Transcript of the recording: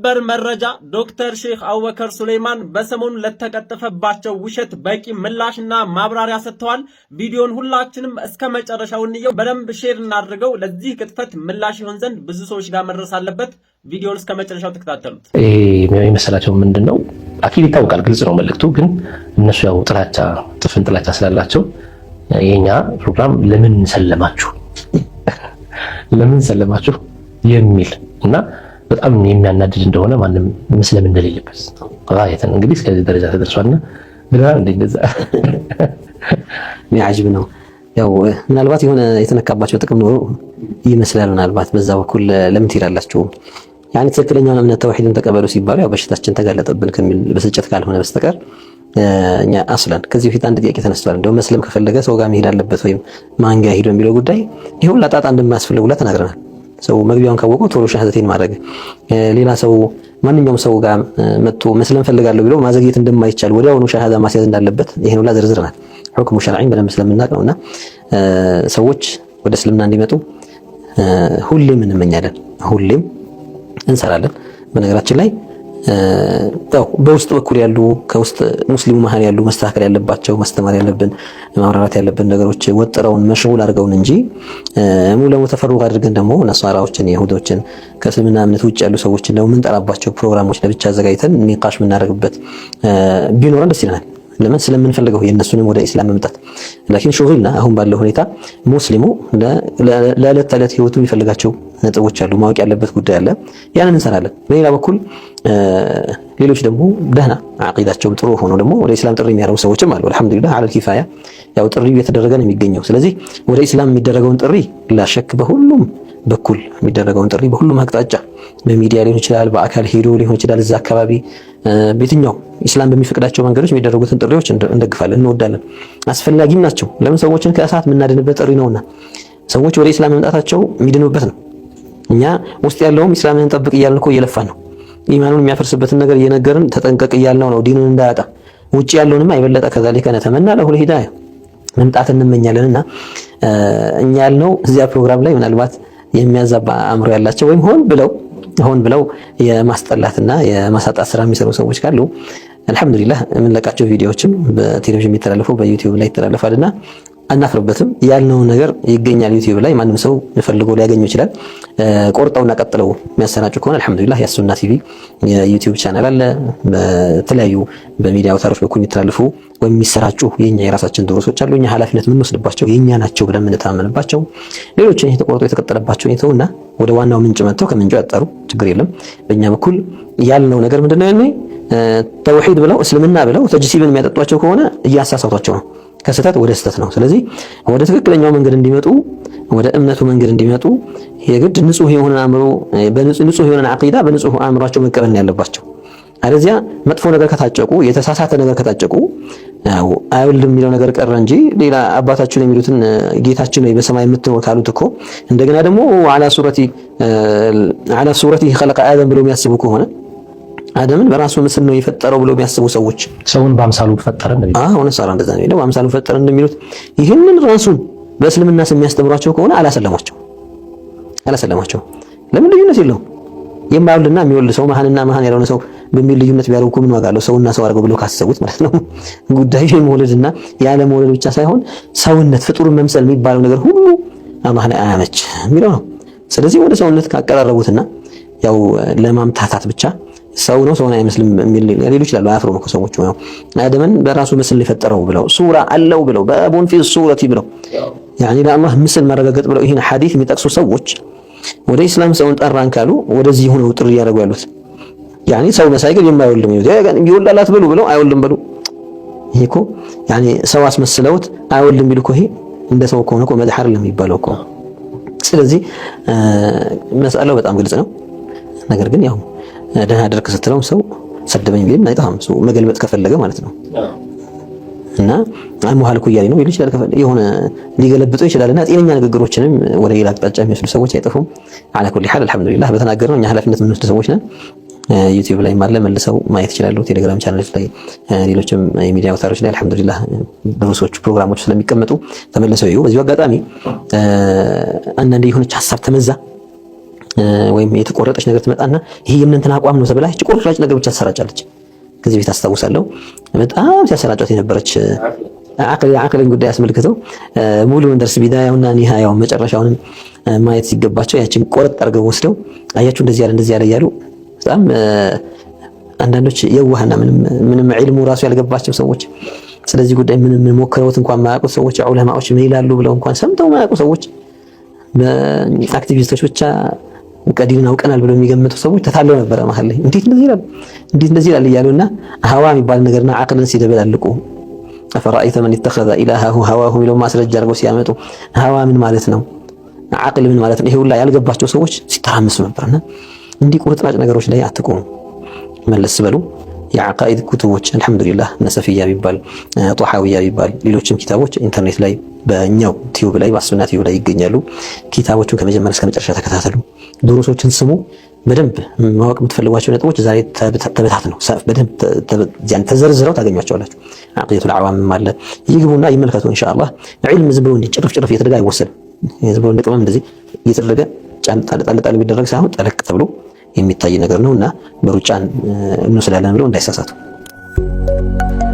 ሰበር መረጃ ዶክተር ሼክ አቡበከር ሱሌማን በሰሞኑ ለተቀጠፈባቸው ውሸት በቂ ምላሽና ማብራሪያ ሰጥተዋል። ቪዲዮን ሁላችንም እስከ መጨረሻው እንየው፣ በደንብ ሼር እናድርገው። ለዚህ ቅጥፈት ምላሽ ይሆን ዘንድ ብዙ ሰዎች ጋር መድረስ አለበት። ቪዲዮን እስከ መጨረሻው ተከታተሉት። ይሄ የመሰላቸው ምንድን ነው? አኪል ይታወቃል፣ ግልጽ ነው መልእክቱ። ግን እነሱ ያው ጥላቻ ጥፍን ጥላቻ ስላላቸው የኛ ፕሮግራም ለምን ሰለማችሁ ለምን ሰለማችሁ የሚል እና በጣም የሚያናድድ እንደሆነ ማንም ምስለም እንደሌለበት ጋየተን እንግዲህ እስከዚህ ደረጃ ተደርሷልና ብለሃል እንደ እንደዛ ቢያጅብ ነው። ያው ምናልባት የሆነ የተነካባቸው ጥቅም ኖሮ ይመስላል። ምናልባት በዛ በኩል ለምን ትሄዳላችሁ? ያኔ ትክክለኛውን እምነት ተውሂድን ተቀበሉ ሲባሉ ያው በሽታችን ተጋለጠብን ከሚል ብስጭት ካልሆነ በስተቀር እኛ አስላን ከዚህ በፊት አንድ ጥያቄ ተነስቷል። እንደው መስለም ከፈለገ ሰው ጋር መሄድ አለበት ወይም ማንጋ ሄዶ የሚለው ጉዳይ ይሄ ሁላ ጣጣ እንደማያስፈልግ ተናግረናል። ሰው መግቢያውን ካወቀው ቶሎ ሸሃደቴን ማድረግ ሌላ ሰው ማንኛውም ሰው ጋር መጥቶ መስለም ፈልጋለሁ ብሎ ማዘግየት እንደማይቻል ወዲያውኑ ሸሃዳ ማስያዝ እንዳለበት ይሄን ሁላ ዝርዝርናል። ሁክሙ ሸርዒን በደንብ ስለምናውቅ ነውና ሰዎች ወደ እስልምና እንዲመጡ ሁሌም እንመኛለን፣ ሁሌም እንሰራለን። በነገራችን ላይ በውስጥ በኩል ያሉ ከውስጥ ሙስሊሙ መሀል ያሉ መስተካከል ያለባቸው ማስተማር ያለብን ማብራራት ያለብን ነገሮች ወጥረውን መሽጉል አድርገውን እንጂ ሙሉ ለሙሉ ተፈሩቅ አድርገን ደግሞ ነሳራዎችን፣ የሁዶችን ከእስልምና እምነት ውጭ ያሉ ሰዎችን ደግሞ የምንጠራባቸው ፕሮግራሞች ለብቻ አዘጋጅተን ኒቃሽ የምናደርግበት ቢኖረን ደስ ይለናል። ለምን ስለምንፈልገው የእነሱንም ወደ ኢስላም መምጣት። ላኪን ሹግልና አሁን ባለው ሁኔታ ሙስሊሙ ለዕለት ተዕለት ህይወቱ የሚፈልጋቸው ነጥቦች አሉ፣ ማወቅ ያለበት ጉዳይ አለ። ያንን እንሰራለን። በሌላ በኩል ሌሎች ደግሞ ደህና አቂዳቸውም ጥሩ ሆኖ ደግሞ ወደ ኢስላም ጥሪ የሚያደርጉ ሰዎችም አሉ። አልሐምዱሊላህ አለል ኪፋያ ያው ጥሪ እየተደረገ ነው የሚገኘው። ስለዚህ ወደ ኢስላም የሚደረገውን ጥሪ ላሸክ በሁሉም በኩል የሚደረገውን ጥሪ በሁሉም አቅጣጫ በሚዲያ ሊሆን ይችላል፣ በአካል ሄዶ ሊሆን ይችላል። እዛ አካባቢ በየትኛው ኢስላም በሚፈቅዳቸው መንገዶች የሚደረጉትን ጥሪዎች እንደግፋለን፣ እንወዳለን፣ አስፈላጊም ናቸው። ለምን ሰዎችን ከእሳት የምናድንበት ጥሪ ነውና ሰዎች ወደ ኢስላም መምጣታቸው የሚድኑበት ነው። እኛ ውስጥ ያለውም ኢስላምን ጠብቅ እያልን እኮ እየለፋ ነው። ኢማኑን የሚያፈርስበትን ነገር እየነገርን ተጠንቀቅ እያልነው ነው ዲኑን እንዳያጣ። ውጭ ያለውንማ የበለጠ ከዛሊከ ነተመና ለሁል ሂዳያ መምጣት እና እኛ ያልነው እዚያ ፕሮግራም ላይ ምናልባት የሚያዛባ አእምሮ ያላቸው ወይም ሆን ብለው ሆን ብለው የማስጠላትና የማሳጣት ስራ የሚሰሩ ሰዎች ካሉ አልሐምዱሊላህ የምንለቃቸው ቪዲዮዎችም በቴሌቪዥን የሚተላለፉ በዩቲዩብ ላይ ይተላለፋልና አናፍርበትም። ያልነውን ነገር ይገኛል ዩቲዩብ ላይ ማንም ሰው ፈልጎ ሊያገኘው ይችላል። ቆርጠውና ቀጥለው የሚያሰራጩ ከሆነ አልሐምዱሊላህ ያሱና ቲቪ የዩቲዩብ ቻናል አለ። በተለያዩ በሚዲያ አውታሮች በኩል የሚተላለፉ ወይም የሚሰራጩ የኛ የራሳችን ድሮሶች አሉ። እኛ ኃላፊነት የምንወስድባቸው የኛ ናቸው ብለን የምንተማመንባቸው ሌሎችን የተቆርጦ የተቀጠለባቸው የተውና ወደ ዋናው ምንጭ መጥተው ከምንጩ ያጠሩ ችግር የለም። በእኛ በኩል ያልነው ነገር ምንድነው? ያኔ ተውሂድ ብለው እስልምና ብለው ተጅሲብን የሚያጠጧቸው ከሆነ እያሳሳቷቸው ነው። ከስህተት ወደ ስህተት ነው። ስለዚህ ወደ ትክክለኛው መንገድ እንዲመጡ ወደ እምነቱ መንገድ እንዲመጡ የግድ ንጹህ የሆነ አእምሮ በንጹህ የሆነ አቂዳ በንጹህ አእምሯቸው መቀበል ያለባቸው። አለዚያ መጥፎ ነገር ከታጨቁ የተሳሳተ ነገር ከታጨቁ አይወልድም የሚለው ነገር ቀረ እንጂ ሌላ አባታችን የሚሉትን ጌታችን ወይ በሰማይ የምትኖር ካሉት እኮ እንደገና ደግሞ አላ ሱረቲ አላ ሱረቲ ኸለቀ አደም ብሎ የሚያስቡ ከሆነ አደምን በራሱ ምስል ነው የፈጠረው ብለው የሚያስቡ ሰዎች ሰውን በአምሳሉ ፈጠረ እንደሚሉት አሁን ነው ሰራ እንደዛ ነው በአምሳሉ ፈጠረ እንደሚሉት ይህንን ራሱን በእስልምና ስም የሚያስተምሯቸው ከሆነ አላሰለማቸው አላሰለማቸው። ለምን ልዩነት የለውም። የማይወልድና የሚወልድ ሰው መሃንና መሃን ያልሆነ ሰው በሚል ልዩነት ቢያደርጉ ምን ዋጋ አለው? ሰውና ሰው አድርገው ብለው ካሰቡት ማለት ነው። ጉዳዩ የመውለድና ያለ መውለድ ብቻ ሳይሆን ሰውነት ፍጡሩን መምሰል የሚባለው ነገር ሁሉ አላህ አያመች የሚለው ነው። ስለዚህ ወደ ሰውነት ካቀራረቡትና ያው ለማምታታት ብቻ ሰው ነው ሰውን አይመስልም የሚል ሊሉ ይችላል። አያፍሩም ነው ሰዎች ነው አደምን በራሱ ምስል የፈጠረው ብለው ሱራ አለው ብለው በቡን ፊ ሱረቲ ብለው ያኒ ለአላህ ምስል ማረጋገጥ ብለው ይሄን ሐዲስ የሚጠቅሱ ሰዎች ወደ ኢስላም ሰውን ጠራን ካሉ ወደዚህ ሆነው ጥሪ እያደረጉ ያሉት ያኒ ሰው መሳይ ግን የማይወልድ ነው ይወልዳል ብሉ ብለው አይወልድም ብሉ ይሄ እኮ ያኒ ሰው አስመስለውት አይወልድም ቢሉ እኮ ይሄ እንደ ሰው ከሆነ እኮ መድሐር የሚባለው እኮ። ስለዚህ መስአለው በጣም ግልጽ ነው። ነገር ግን ያው ደህና አደርክ ስትለውም ሰው ሰደበኝ ቢልም አይጠፋም። ሰው መገልበጥ ከፈለገ ማለት ነው። እና አሙሃልኩ እያለኝ ነው ሊል ይችላል። ከፈለ የሆነ ሊገለብጠው ይችላልና ጤነኛ ንግግሮችንም ወደ ሌላ አቅጣጫ የሚወስዱ ሰዎች አይጠፉም። አላ ኩሊ ሐል አልሐምዱሊላህ በተናገር ነው። እኛ ኃላፊነት የምንወስድ ሰዎች ነን። ዩቲዩብ ላይ ማለ መልሰው ማየት ይችላሉ። ቴሌግራም ቻናሎች ላይ፣ ሌሎችም የሚዲያ አውታሮች ላይ አልሐምዱሊላህ ድሩሶቹ ፕሮግራሞች ስለሚቀመጡ ተመልሰው ይዩ። በዚሁ አጋጣሚ አንዳንዴ የሆነች ሀሳብ ተመዛ ወይም የተቆረጠች ነገር ትመጣና ይሄ የምንትን አቋም ነው ተብላ ይህች ነገር ብቻ ትሰራጫለች። ከዚህ ቤት አስታውሳለሁ፣ በጣም ሲያሰራጫት የነበረች የአቅልን ጉዳይ አስመልክተው ሙሉውን ደርስ ቢዳያውና ኒሃያው መጨረሻውንም ማየት ሲገባቸው ያችን ቆረጥ አድርገው ወስደው አያችሁ፣ እንደዚህ ያለ እንደዚህ ያለ እያሉ በጣም አንዳንዶች የዋህና ምንም ዒልሙ ራሱ ያልገባቸው ሰዎች ስለዚህ ጉዳይ ምንም ሞክረውት እንኳን ማያውቁ ሰዎች ዑለማዎች ምን ይላሉ ብለው እንኳን ሰምተው ማያውቁ ሰዎች በአክቲቪስቶች ብቻ በቃ አውቀናል ብሎ የሚገምቱ ሰዎች ተታለው ነበረ መሀል ላይ እንዴት እንደዚህ ይላል እንዴት እንደዚህ ይላል እያሉና ሀዋ የሚባል ነገርና አቅልን ሲደበላልቁ አፈራአይተ መን ኢተኸዘ ኢላሁ ሀዋሁ የሚለው ማስረጃ አድርገው ሲያመጡ ሀዋ ምን ማለት ነው? አቅል ምን ማለት ነው? ይሄ ሁላ ያልገባቸው ሰዎች ሲተራምሱ ነበርና እንዲህ ቁርጥራጭ ነገሮች ላይ አትቆሙ፣ መለስ በሉ። የዓቃኢድ ኩቱቦች አልሐምዱሊላህ ነሰፊያ ቢባል ጦሐዊያ ቢባል ሌሎችም ኪታቦች ኢንተርኔት ላይ በእኛው ቲዩብ ላይ በአሱና ቲዩብ ላይ ይገኛሉ። ኪታቦቹን ከመጀመሪያ እስከ መጨረሻ ተከታተሉ። ድሮሶችን ስሙ። በደንብ ማወቅ የምትፈልጓቸው ነጥቦች ዛሬ ተበታት ነው በደንብ ተዘርዝረው ታገኟቸዋላችሁ። አቂደቱል አዕዋምም አለ ይግቡና ይመልከቱ። እንሻላ ዒልም ዝም ብሎ እንዲህ ጭርፍ ጭርፍ እየተደረገ አይወሰድም። ዝም ብሎ እንደ ቅመም እንደዚህ እየተደረገ ጫን የሚደረግ ሳይሆን ጠለቅ ተብሎ የሚታይ ነገር ነው እና በሩጫን እንወስዳለን ብለው እንዳይሳሳቱ